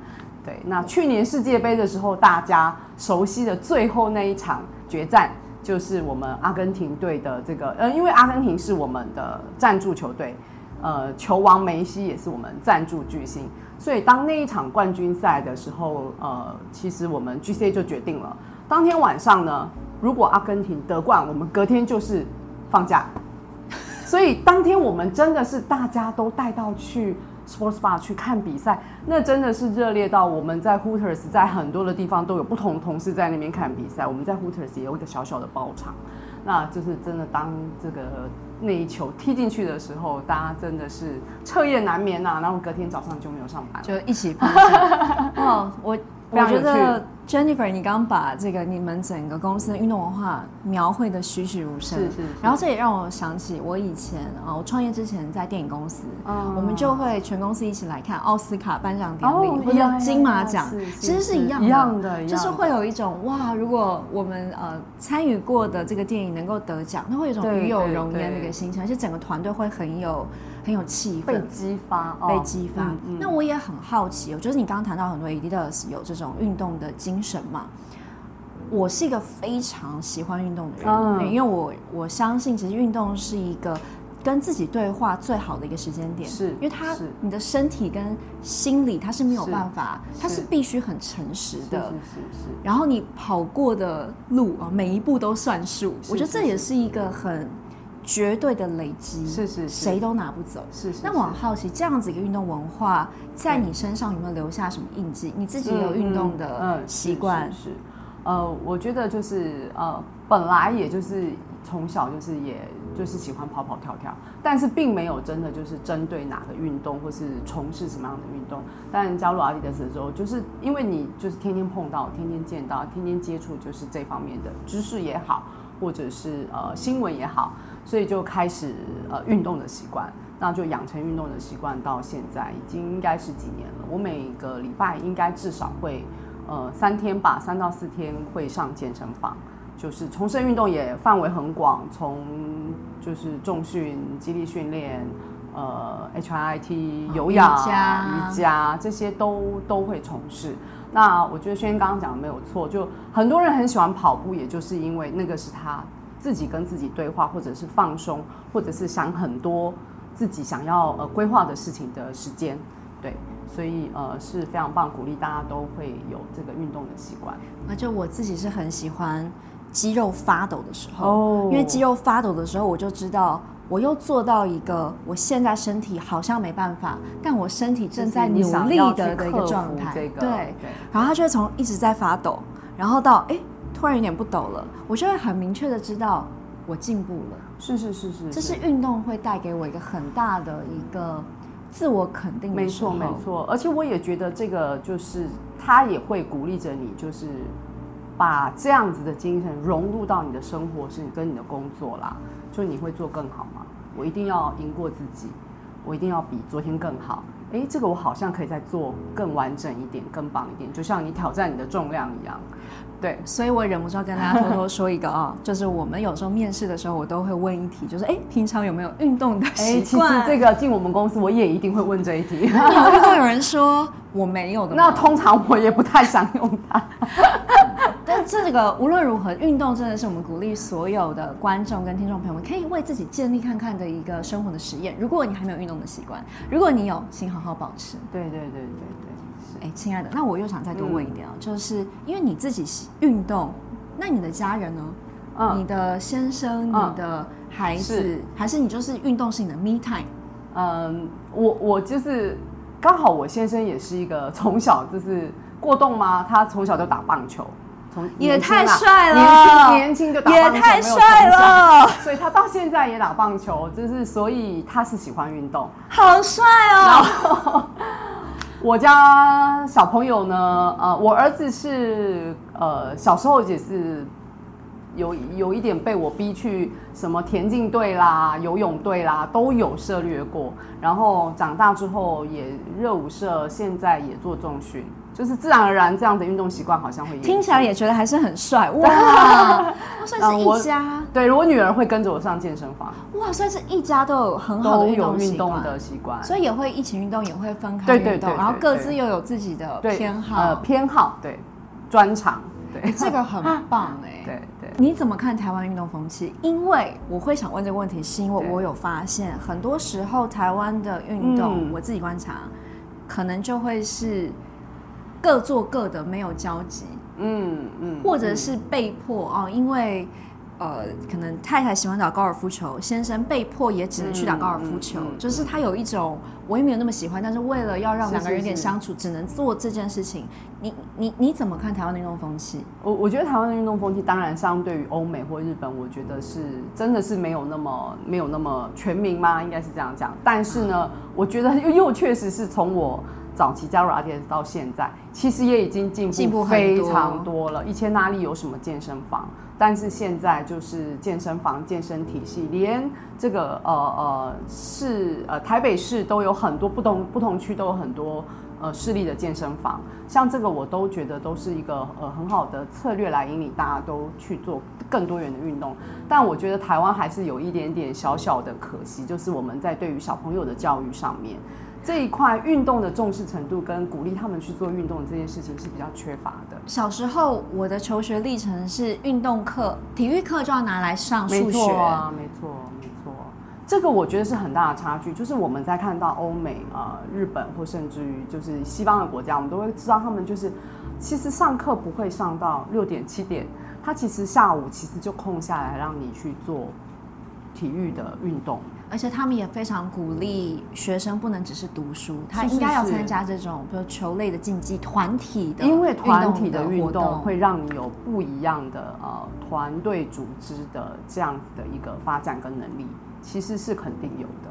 對。那去年世界盃的時候，大家熟悉的最後那一場決戰，就是我們阿根廷隊的這個，呃，因為阿根廷是我們的贊助球隊，呃，球王梅西也是我們贊助巨星，所以當那一場冠軍賽的時候，呃，其實我們 GC 就決定了，當天晚上呢，如果阿根廷得冠，我們隔天就是放假。所以當天我們真的是大家都帶到去 Sports Bar 去看比賽，那真的是熱烈到我們在 Hooters，在很多的地方都有不同的同事在那邊看比賽。我們在 Hooters 也有一個小小的包場，那就是真的當這個那一球踢進去的時候，大家真的是徹夜難眠吶、啊。然後隔天早上就沒有上班，就一起拍一。哦、 oh,，我。我覺得 Jennifer，你剛剛把這個你們整個公司的運動文化描繪得栩栩如生，是，是是。然後這也讓我想起我以前啊，我創業之前在電影公司，嗯，我們就會全公司一起來看奧斯卡頒獎典禮或者金馬獎，其實是一樣，一樣的，一樣的，就是會有一種哇，如果我們呃參與過的這個電影能夠得獎，那會有一種與有榮焉的一個心情，對對對對，而且整個團隊會很有。很有氣氛，被激發，被激發。哦、那我也很好奇，嗯嗯，我覺得你剛剛談到很多 adidas 有這種運動的精神嘛，我是一個非常喜歡運動的人，嗯，因為我我相信，其實運動是一個跟自己對話最好的一個時間點，是因為它，你的身體跟心理它是沒有辦法，是它是必須很誠實的，然後你跑過的路，每一步都算數。是我覺得這也是一個很。絕對的累積，是，是是，誰都拿不走。是，是是。那我很好奇，這樣子一個運動文化，在你身上有沒有留下什麼印記？你自己也有運動的習慣？嗯嗯、是，是，是，呃，我覺得就是呃，本來也就是、呃也就是、從小就是也，也就是喜歡跑跑跳跳，但是並沒有真的就是針對哪個運動或是從事什麼樣的運動。但加入 adidas 的時候，就是因為你就是天天碰到、天天見到、天天接觸，就是這方面的知識也好，或者是呃新聞也好。所以就開始呃運動的習慣，那就養成運動的習慣到現在已經應該是幾年了。我每個禮拜應該至少會呃三天吧，三到四天會上健身房，就是重生運動也範圍很廣，從就是重訓、肌力訓練、呃 H I T、哦、有氧、瑜伽、瑜伽、瑜伽這些都都會從事。那我覺得軒軒剛剛講的沒有錯，就很多人很喜歡跑步，也就是因為那個是他。自己跟自己對話，或者是放鬆，或者是想很多自己想要呃規劃的事情的時間，對，所以呃是非常棒，鼓勵大家都會有這個運動的習慣。那就我自己是很喜歡肌肉發抖的時候，哦，因為肌肉發抖的時候，我就知道我又做到一個我現在身體好像沒辦法，但我身體正在努力的一個狀態，對。然後他就會從一直在發抖，然後到哎。欸突然有點不抖了，我就會很明確的知道我進步了。是是是是，這是運動會帶給我一個很大的一個自我肯定。沒錯沒錯，而且我也覺得這個就是他也會鼓勵着你，就是把這樣子的精神融入到你的生活，是你跟你的工作啦，就你會做更好嗎？我一定要贏過自己，我一定要比昨天更好。哎、欸，這個我好像可以再做更完整一點，更棒一點，就像你挑戰你的重量一樣。對，所以我忍不住要跟大家偷偷說一個啊、哦， 就是我們有時候面試的時候，我都會問一題，就是哎、欸，平常有沒有運動的習慣？哎、欸，其實這個進我們公司，我也一定會問這一題。如 果有，有人說我沒有的， 那通常我也不太想用它。 嗯、但這個無論如何，運動真的是我們鼓勵所有的觀眾跟聽眾朋友們可以為自己建立看看的一個生活的實驗。如果你還沒有運動的習慣，如果你有，請好好保持。對對對對對，對。哎、欸，親愛的，那我又想再多問一點啊、嗯，就是因為你自己是運動，那你的家人呢？嗯，你的先生，嗯、你的孩子，還是你就是運動性的 me time？嗯，我我就是剛好我先生也是一個從小就是過動嘛，他從小就打棒球，從、啊、也太帥了，年輕年輕就打棒球，也太帥了， 所以他到現在也打棒球，就是所以他是喜歡運動，好帥哦。 我家小朋友呢，呃，我兒子是，呃，小時候也是有有一點被我逼去什麼田徑隊啦、游泳隊啦都有涉獵過，然後長大之後也熱舞社，現在也做重訓。就是自然而然，這樣的運動習慣好像會聽起來也覺得還是很帥哇、 嗯！算是一家，對，如果女兒會跟着我上健身房。哇，算是一家都有很好的運動習慣，有運動的習慣，所以也會一起運動，也會分開運動，對對對對對對，然後各自又有自己的偏好、呃、偏好，對，專長，對、欸，這個很棒哎！啊、對，對對，你怎麼看台灣運動風氣？因為我會想問這個問題，是因為我有發現，很多時候台灣的運動、嗯，我自己觀察，可能就會是。各做各的，沒有交集。嗯嗯，或者是被迫啊，因、嗯、為呃，可能太太喜歡打高爾夫球，先生被迫也只能去打高爾夫球、嗯嗯嗯。就是他有一種，我也沒有那麼喜歡，但是為了要讓兩個人有點相處，只能做這件事情。你你你，你怎麼看台灣的運動風氣？我我覺得台灣的運動風氣，當然相對於歐美或日本，我覺得是真的是沒有那麼沒有那麼全民嘛，應該是這樣講。但是呢，嗯、我覺得又又確實是從我。早期加入 adidas 到現在，其實也已經進步非常多了。以前哪裡有什麼健身房，但是現在就是健身房健身體系，連這個呃呃市呃台北市都有很多不同不同區都有很多呃市立的健身房。像這個我都覺得都是一個呃很好的策略來引領大家都去做更多元的運動。但我覺得台灣還是有一點點小小的可惜，就是我們在對於小朋友的教育上面。這一塊運動的重視程度跟鼓勵他們去做運動這件事情是比較缺乏的。小時候我的求學歷程是運動課、體育課就要拿來上數學，沒錯，啊，沒錯，沒錯。這個我覺得是很大的差距。就是我們在看到歐美、呃、日本，或甚至於就是西方的國家，我們都會知道他們就是其實上課不會上到六點七點，他其實下午其實就空下來讓你去做體育的運動。而且他們也非常鼓勵學生不能只是讀書，他應該要參加這種比如球類的競技團體的,運動的活動，因為團體的運動會讓你有不一樣的呃團隊組織的這樣子的一個發展跟能力，其實是肯定有的。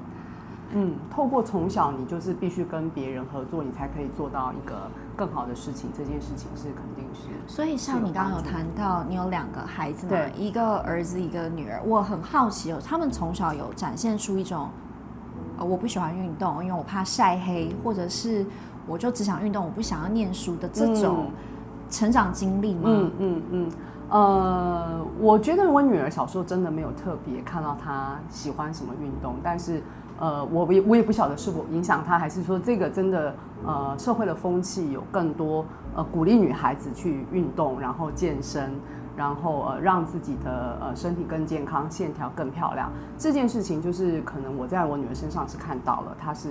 嗯，透過從小你就是必須跟別人合作，你才可以做到一個更好的事情。這件事情是肯定是。所以像你剛剛有談到，你有兩個孩子，對，一個兒子，一個女兒。我很好奇哦，他們從小有展現出一種，呃，我不喜歡運動，因為我怕曬黑，或者是我就只想運動，我不想要念書的這種成長經歷嗎？嗯嗯嗯，嗯。呃，我覺得我女兒小時候真的沒有特別看到她喜歡什麼運動，但是。呃，我也我也不曉得是否影響他，還是說這個真的，呃，社會的風氣有更多呃鼓勵女孩子去運動，然後健身，然後呃讓自己的呃身體更健康，線條更漂亮。嗯。這件事情就是可能我在我女兒身上是看到了，她是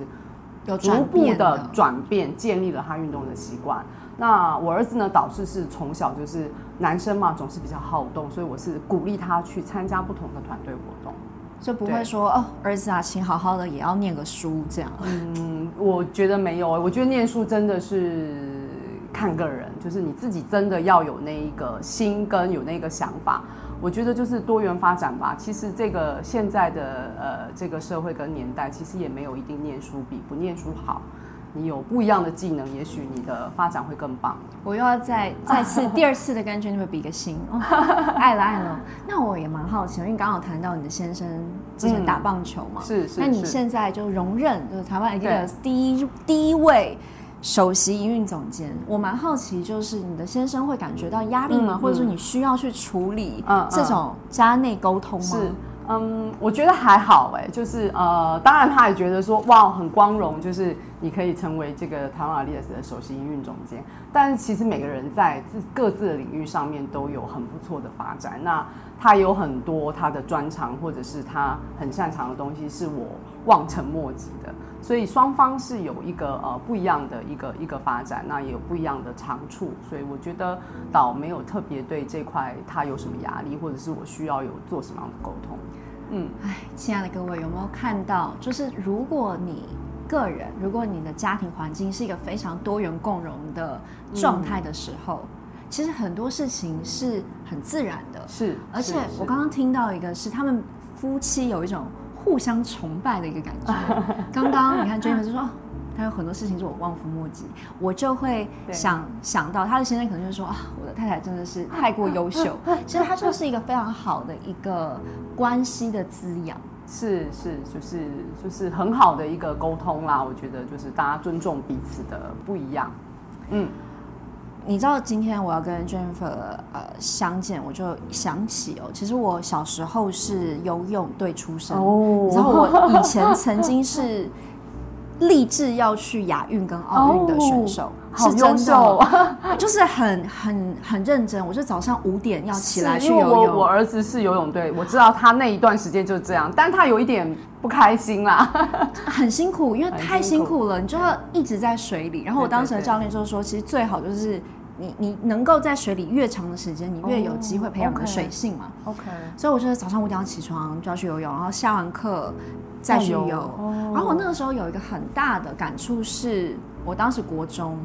逐步的，轉變，轉，變的轉變，建立了她運動的習慣。那我兒子呢，導致是從小就是男生嘛，總是比較好動，所以我是鼓勵他去參加不同的團隊活動。就不會說哦，兒子啊，請好好的也要念個書這樣。嗯，我覺得沒有，我覺得念書真的是看個人，就是你自己真的要有那一個心跟有那個想法。我覺得就是多元發展吧。其實這個現在的呃這個社會跟年代，其實也沒有一定念書比不念書好。有不一樣的技能，也許你的發展會更棒。我又要再再次 第二次的跟 Jennifer 會比個心，愛了愛了。 那我也蠻好奇，因為剛好談到你的先生之前打棒球嘛，嗯、是是。那你現在就榮任、嗯、就是台灣 adidas 第一第一位首席營運總監，我蠻好奇，就是你的先生會感覺到壓力嗎？嗯嗯或者說你需要去處理這種家內溝通嗎？嗯嗯是？嗯，我覺得還好、欸，哎，就是呃，當然他也覺得說哇，很光榮，就是。你可以成為這個台灣 adidas 的首席營運總監，但是其實每個人在自各自的領域上面都有很不錯的發展。那他有很多他的專長，或者是他很擅長的東西，是我望塵莫及的。所以雙方是有一個呃不一樣的一個一個發展，那也有不一樣的長處。所以我覺得倒沒有特別對這塊他有什麼壓力，或者是我需要有做什麼樣的溝通。嗯，哎，親愛的各位，有沒有看到？就是如果你。個人，如果你的家庭環境是一個非常多元共融的狀態的時候，嗯，其實很多事情是很自然的。是，是，而且我剛剛聽到一個是他們夫妻有一種互相崇拜的一個感覺。剛剛你看 Jennifer 就說，他 有很多事情是我望夫莫及，我就會想想到，他的先生可能就是說啊，我的太太真的是太過優秀，啊啊啊啊。其實他就是一個非常好的一個關係的滋養。是是，就是就是很好的一個溝通啦，我覺得就是大家尊重彼此的不一樣。嗯，你知道今天我要跟 Jennifer 呃相見，我就想起哦，其實我小時候是游泳隊出身哦，然、Oh. 後我以前曾經是立志要去亞運跟奧運的選手。Oh. 好優秀啊，是 就是很很很認真。我就早上五點要起來去游泳。因為我，我兒子是游泳隊，我知道他那一段時間就是這樣，但他有一點不開心啦，很辛苦，因為太辛苦了，你就要一直在水裡。然後我當時的教練就是說，對對對，其實最好就是你你能夠在水裡越長的時間，你越有機會培養個水性嘛。Oh, okay, OK，所以我就早上五點要起床就要去游泳，然後下完課。在游泳，而、哦哦、我那個時候有一個很大的感觸是，我當時國中，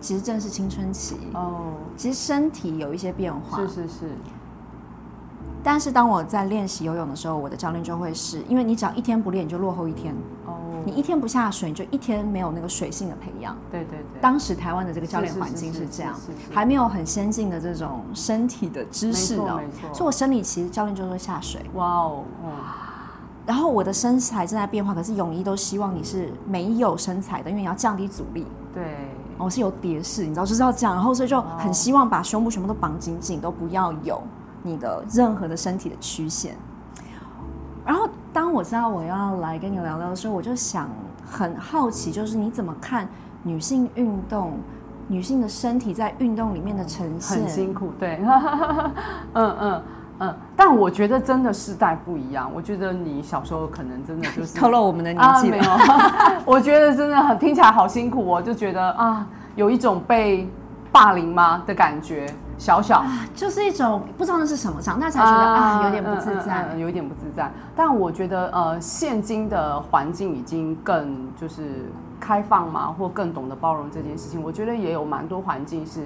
其實正是青春期哦，其實身體有一些變化，是是是。但是當我在練習游泳的時候，我的教練就會是，因為你只要一天不練，你就落後一天哦。你一天不下水，你就一天沒有那個水性的培養。對對對。當時台灣的這個教練環境是這樣，是是是是是，還沒有很先進的這種身體的知識的，所以我生理期教練就會下水。哇哦。嗯然後我的身材正在變化，可是泳衣都希望你是沒有身材的，因為你要降低阻力。對，我是有蝶式，你知道就是要這樣，然後所以就很希望把胸部全部都綁緊緊，都不要有你的任何的身體的曲線。然後當我知道我要來跟你聊聊的時候，我就想很好奇，就是你怎麼看女性運動、女性的身體在運動裡面的呈現，嗯、很辛苦，對，嗯 嗯。嗯嗯、但我覺得真的世代不一樣。我覺得你小時候可能真的就是透露我們的年紀了，啊、沒有？ 我覺得真的很聽起來好辛苦哦，就覺得啊，有一種被霸凌嗎的感覺？小小，啊、就是一種不知道那是什麼，長大才覺得啊，啊，有點不自在，嗯嗯嗯嗯，有點不自在。但我覺得呃，現今的環境已經更就是開放嘛，或更懂得包容這件事情。我覺得也有蠻多環境是。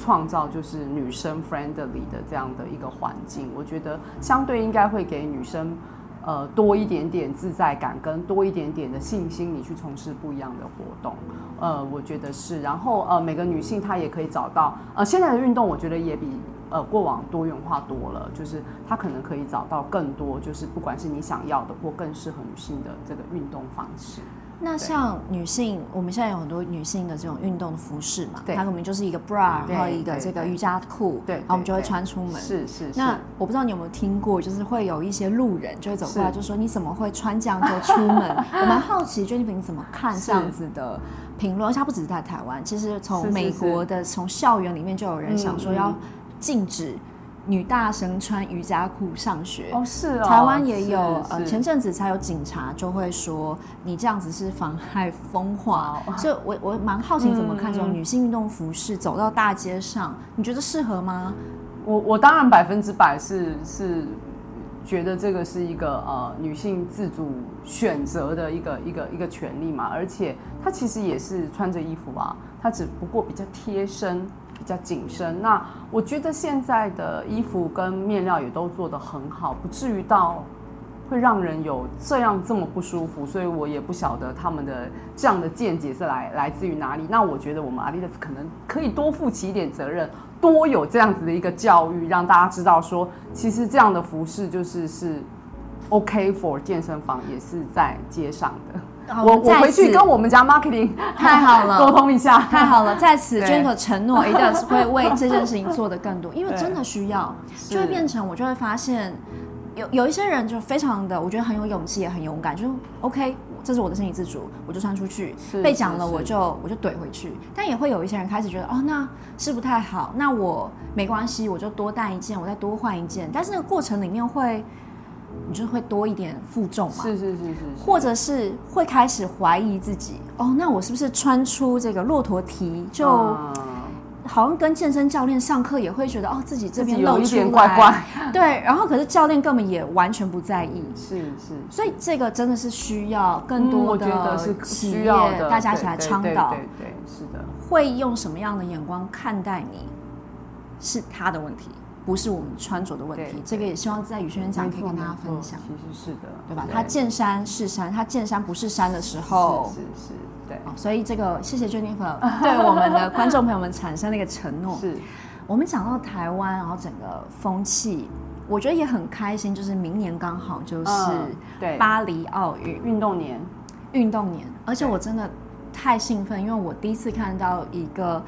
創造就是女生 friendly 的這樣的一個環境，我覺得相對應該會給女生，呃，多一點點自在感跟多一點點的信心，你去從事不一樣的活動，呃，我覺得是。然後呃，每個女性她也可以找到，呃，現在的運動我覺得也比。呃，過往多元化多了，就是他可能可以找到更多，就是不管是你想要的或更適合女性的這個運動方式。那像女性，我們現在有很多女性的這種運動服飾嘛，對，他可能就是一個 bra 然後，一個這個瑜伽褲，對，對，對，然後我們就會穿出門。對對對出門是，是是。那我不知道你有沒有聽過，就是會有一些路人就會走過來，就說，你怎麼會穿這樣就出門？ 我蠻好奇 Jennifer 怎麼看這樣子的評論？而且它不只是在台灣，其實從美國的從校園裡面就有人想說要。禁止女大生穿瑜伽褲上學哦，是哦，台灣也有。呃，前陣子才有警察就會說，你這樣子是妨害風化。哦，啊。所以我，我我蠻好奇，怎麼看這種女性運動服飾走到大街上，嗯，你覺得適合嗎？我我當然百分之百是是覺得這個是一個呃女性自主選擇的一個一個一個權利嘛，而且她其實也是穿着衣服啊，她只不過比較貼身。比較緊身，那我覺得現在的衣服跟面料也都做得很好，不至於到會讓人有這樣這麼不舒服，所以我也不曉得他們的這樣的見解是來來自於哪裡。那我覺得我們 adidas 可能可以多負起一點責任，多有這樣子的一個教育，讓大家知道說，其實這樣的服飾就是是 OK for 健身房，也是在街上的。我我回去跟我們家 marketing 太好了溝、啊、通一下，太好了。在此，Jennifer 承諾一定是會為這件事情做得更多，因為真的需要。就會變成我就會發現，有有一些人就非常的，我覺得很有勇氣也很勇敢，就 OK，這是我的身體自主，我就穿出去。被講了我，我就我就懟回去。但也會有一些人開始覺得，哦，那是不太好，那我沒關係，我就多帶一件，我再多換一件。但是那個過程裡面會。你就會多一點負重嘛？是是是是，或者是會開始懷疑自己哦，那我是不是穿出這個駱駝蹄就，好像跟健身教練上課也會覺得哦，自己這邊露一點怪怪，對。然後可是教練根本也完全不在意，是是。所以這個真的是需要更多的是需要大家一起來倡導，對對對，是的。會用什麼樣的眼光看待你，是他的問題。不是我們穿着的問題，這個也希望在軒軒講可以跟大家分享。其實是的，對吧？對，他見山是山，他見山不是山的時候，是是，是，是，對、哦。所以這個謝謝 Jennifer 對我們的觀眾朋友們產生了一個承諾。是，我們講到台灣，然後整個風氣，我覺得也很開心。就是明年剛好就是對巴黎奧運運動年，運動年，而且我真的太興奮，因為我第一次看到一個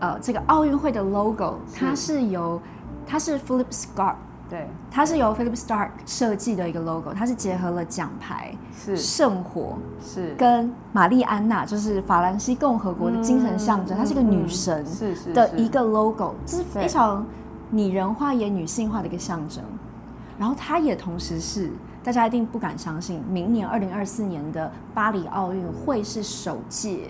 呃，這個奧運會的 logo，它是由。它是 Philip Stark 對，它是由 Philip Stark 設計的一個 logo，它是結合了獎牌、聖火，是跟瑪麗安娜，就是法蘭西共和國的精神象徵，嗯、它是一個女神是是的一個 logo，是是是這是非常擬人化也女性化的一個象徵。然後它也同時是大家一定不敢相信，明年二零二四年的巴黎奧運會是首屆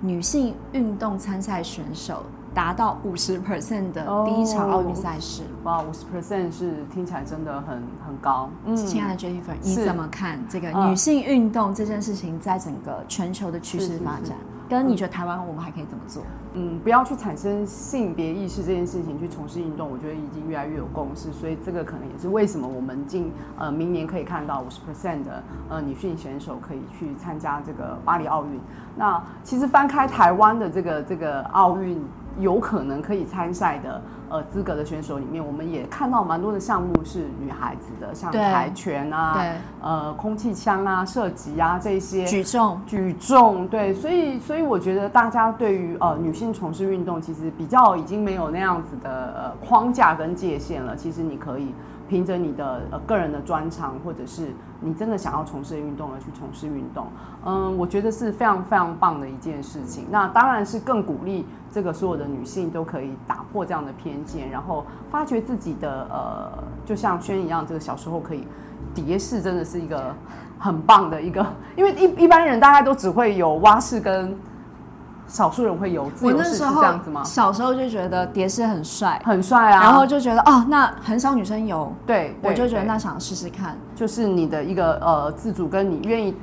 女性運動參賽選手。達到五十 percent 的第一場奧運賽事。哇，五十 percent 是聽起來真的很很高。嗯，親愛的 Jennifer，你怎麼看這個女性運動這件事情在整個全球的趨勢發展是是是？跟你覺得台灣我們還可以怎麼做？嗯，不要去產生性別意識這件事情，去從事運動，我覺得已經越來越有共識。所以這個可能也是為什麼我們今呃明年可以看到五十 percent 的呃女性選手可以去參加這個巴黎奧運。那其實翻開台灣的這個這個奧運。嗯有可能可以參賽的呃資格的選手裡面，我們也看到蠻多的項目是女孩子的，像對，跆拳啊、對，呃，空氣槍啊、射擊啊這些。舉重。舉重，對，所以所以我覺得大家對於呃女性從事運動，其實比較已經沒有那樣子的呃框架跟界限了。其實你可以。憑着你的呃個人的專長，或者是你真的想要從事運動而去從事運動，嗯，我覺得是非常非常棒的一件事情。嗯、那當然是更鼓勵這個所有的女性都可以打破這樣的偏見，然後發覺自己的呃，就像軒一樣，這個小時候可以蝶式，真的是一個很棒的一個，因為一一般人大家都只會有蛙式跟，少數人會游有自由式，這樣子嗎？小時候就覺得蝶式很帥，很帥啊！然後就覺得哦，那很少女生游。對，對，對，我就覺得那想試試看，就是你的一個呃自主跟你願意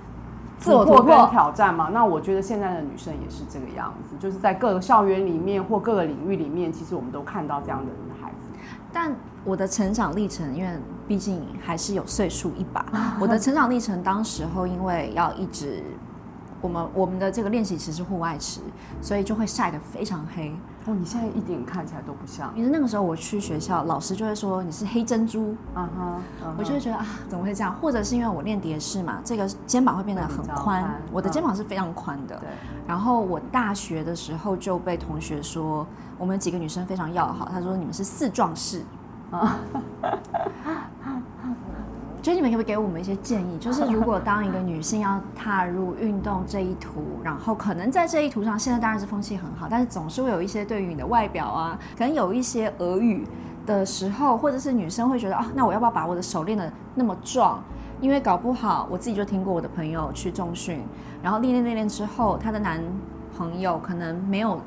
自我突破挑戰嘛。那我覺得現在的女生也是這個樣子，就是在各個校園裡面或各個領域裡面，其實我們都看到這樣的女孩子。但我的成長歷程，因為畢竟還是有歲數一把， 我的成長歷程當時候因為要一直。我們我們的這個練習池是戶外池，所以就會曬得非常黑。哦，你現在一點看起來都不像。因為那個時候我去學校，老師就會說，你是黑珍珠。啊哈，我就會覺得啊，怎麼會這樣？或者是因為我練蝶式嘛，這個肩膀會變得很寬，uh -huh. 我的肩膀是非常寬的。對，uh -huh.。然後我大學的時候就被同學說，我們幾個女生非常要好，他說你們是四壯士。啊，uh -huh.。 所以，你們可不可以給我們一些建議？就是如果當一個女性要踏入運動這一途，然後可能在這一途上，現在當然是風氣很好，但是總是會有一些對於你的外表啊，可能有一些耳語的時候，或者是女生會覺得啊，那我要不要把我的手練得那麼壯？因為搞不好我自己就聽過我的朋友去重訓，然後歷練,練練練之後，她的男朋友可能沒有。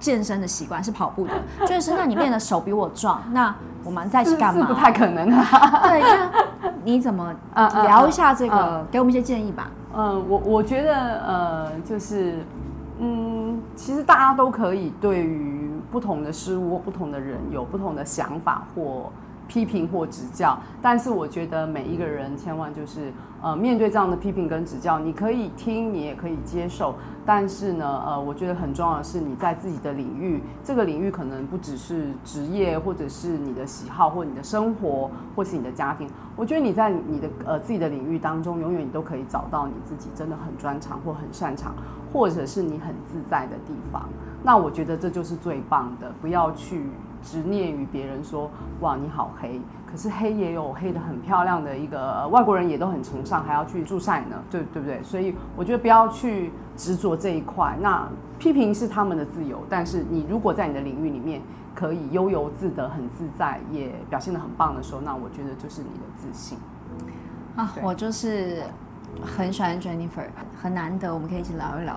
健身的習慣是跑步的，就是那你練的手比我壯，那我們在一起幹嘛？是，是不太可能啊。對，那你怎麼聊一下這個？嗯嗯嗯、給我們一些建議吧。嗯，我我覺得呃，就是嗯，其實大家都可以對於不同的事物、不同的人有不同的想法或。批評或指教，但是我覺得每一個人千萬就是呃面對這樣的批評跟指教，你可以聽，你也可以接受。但是呢，呃，我覺得很重要的是，你在自己的領域，這個領域可能不只是職業，或者是你的喜好，或你的生活，或是你的家庭。我覺得你在你的呃自己的領域當中，永遠你都可以找到你自己真的很專長或很擅長，或者是你很自在的地方。那我覺得這就是最棒的，不要去。執念於別人說，哇，你好黑，可是黑也有黑得很漂亮的，一個外國人也都很崇尚，還要去助曬呢，對，對不對？所以我覺得不要去執着這一塊。那批評是他們的自由，但是你如果在你的領域裡面可以悠游自得很自在，也表現得很棒的時候，那我覺得就是你的自信。啊，我就是很喜歡 Jennifer，很難得我們可以一起聊一聊。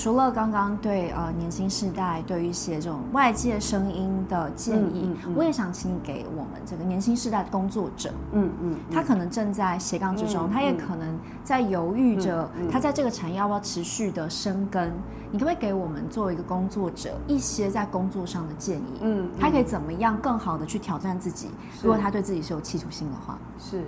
除了剛剛對呃年輕世代對於一些這種外界聲音的建議，嗯嗯嗯，我也想請你給我們這個年輕世代的工作者，嗯嗯，嗯，他可能正在斜槓之中，嗯嗯，他也可能在猶豫着，他在這個產業要不要持續的生根？嗯嗯，你可不可以給我們作為一個工作者一些在工作上的建議嗯？嗯，他可以怎麼樣更好的去挑戰自己？嗯嗯，如果他對自己是有企圖心的話，是是，是，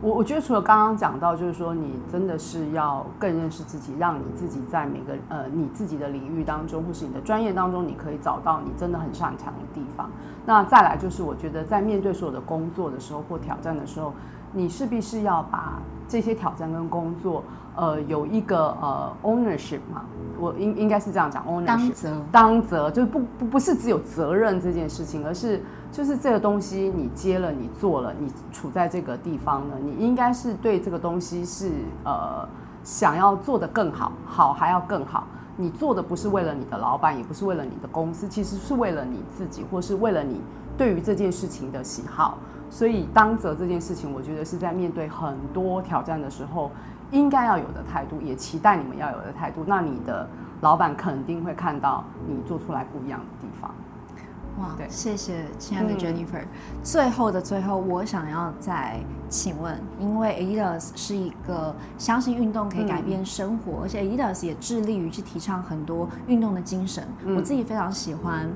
我我覺得除了剛剛講到，就是說你真的是要更認識自己，讓你自己在每個呃。嗯你自己的領域當中，或是你的專業當中，你可以找到你真的很擅長的地方。那再來就是，我覺得在面對所有的工作的時候或挑戰的時候，你勢必是要把這些挑戰跟工作，呃，有一個呃 ownership 嘛，我應應該是這樣講 ownership，當責，當責就是不不不是只有責任這件事情，而是就是這個東西你接了，你做了，你處在這個地方呢，你應該是對這個東西是呃。想要做得更好，好還要更好。你做的不是為了你的老板，也不是為了你的公司，其實是為了你自己，或是為了你對於這件事情的喜好。所以，當責這件事情，我覺得是在面對很多挑戰的時候，應該要有的態度，也期待你們要有的態度。那你的老板肯定會看到你做出來不一樣的地方。哇，謝謝親愛的 Jennifer。嗯、最後的最後，我想要再請問，因為 Adidas 是一個相信運動可以改變生活，嗯、而且 Adidas 也致力於去提倡很多運動的精神。嗯、我自己非常喜歡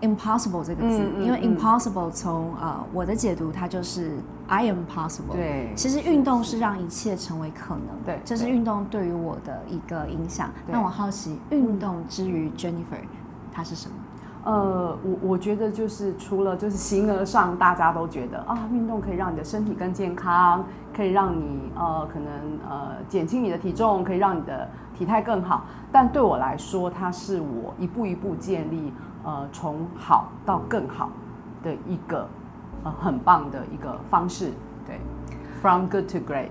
“impossible” 這個字，嗯嗯，因為 “impossible” 從呃我的解讀，它就是 “I am possible”。對，其實運動是讓一切成為可能的。對，這，就是運動對於我的一個影響。那我好奇，運動之於 Jennifer 它，嗯、是什麼？呃，我我覺得就是除了就是形而上，大家都覺得啊，運動可以讓你的身體更健康，可以讓你呃，可能呃減輕你的體重，可以讓你的體態更好。但對我來說，它是我一步一步建立呃，從好到更好的一個呃很棒的一個方式。對，From good to great。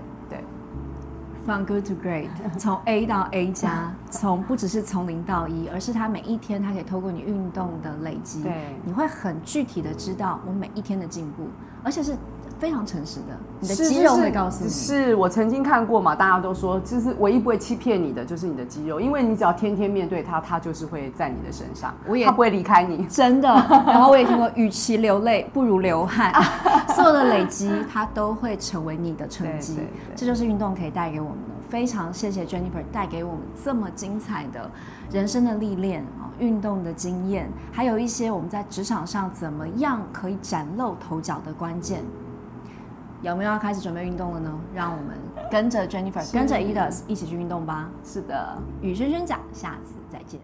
從 good to great，從 A 到 A 加，從不只是從零到一，而是它每一天，它可以透過你運動的累積，對，你會很具體的知道我每一天的進步，而且是。非常誠實的，你的肌肉會告訴你。是，是，是，是我曾經看過嘛，大家都說，就是唯一不會欺騙你的就是你的肌肉，因為你只要天天面對它，它就是會在你的身上，我也不會離開你。真的。 然後我也聽過，與其流淚，不如流汗。 所有的累積，它都會成為你的成績。這就是運動可以帶給我們的。非常謝謝 Jennifer 帶給我們這麼精彩的人生的歷練啊、哦，運動的經驗，還有一些我們在職場上怎麼樣可以嶄露頭角的關鍵。有沒有要開始準備運動了呢？讓我們跟着 Jennifer，的跟着 adidas 一起去運動吧。是的，與軒軒講，下次再見。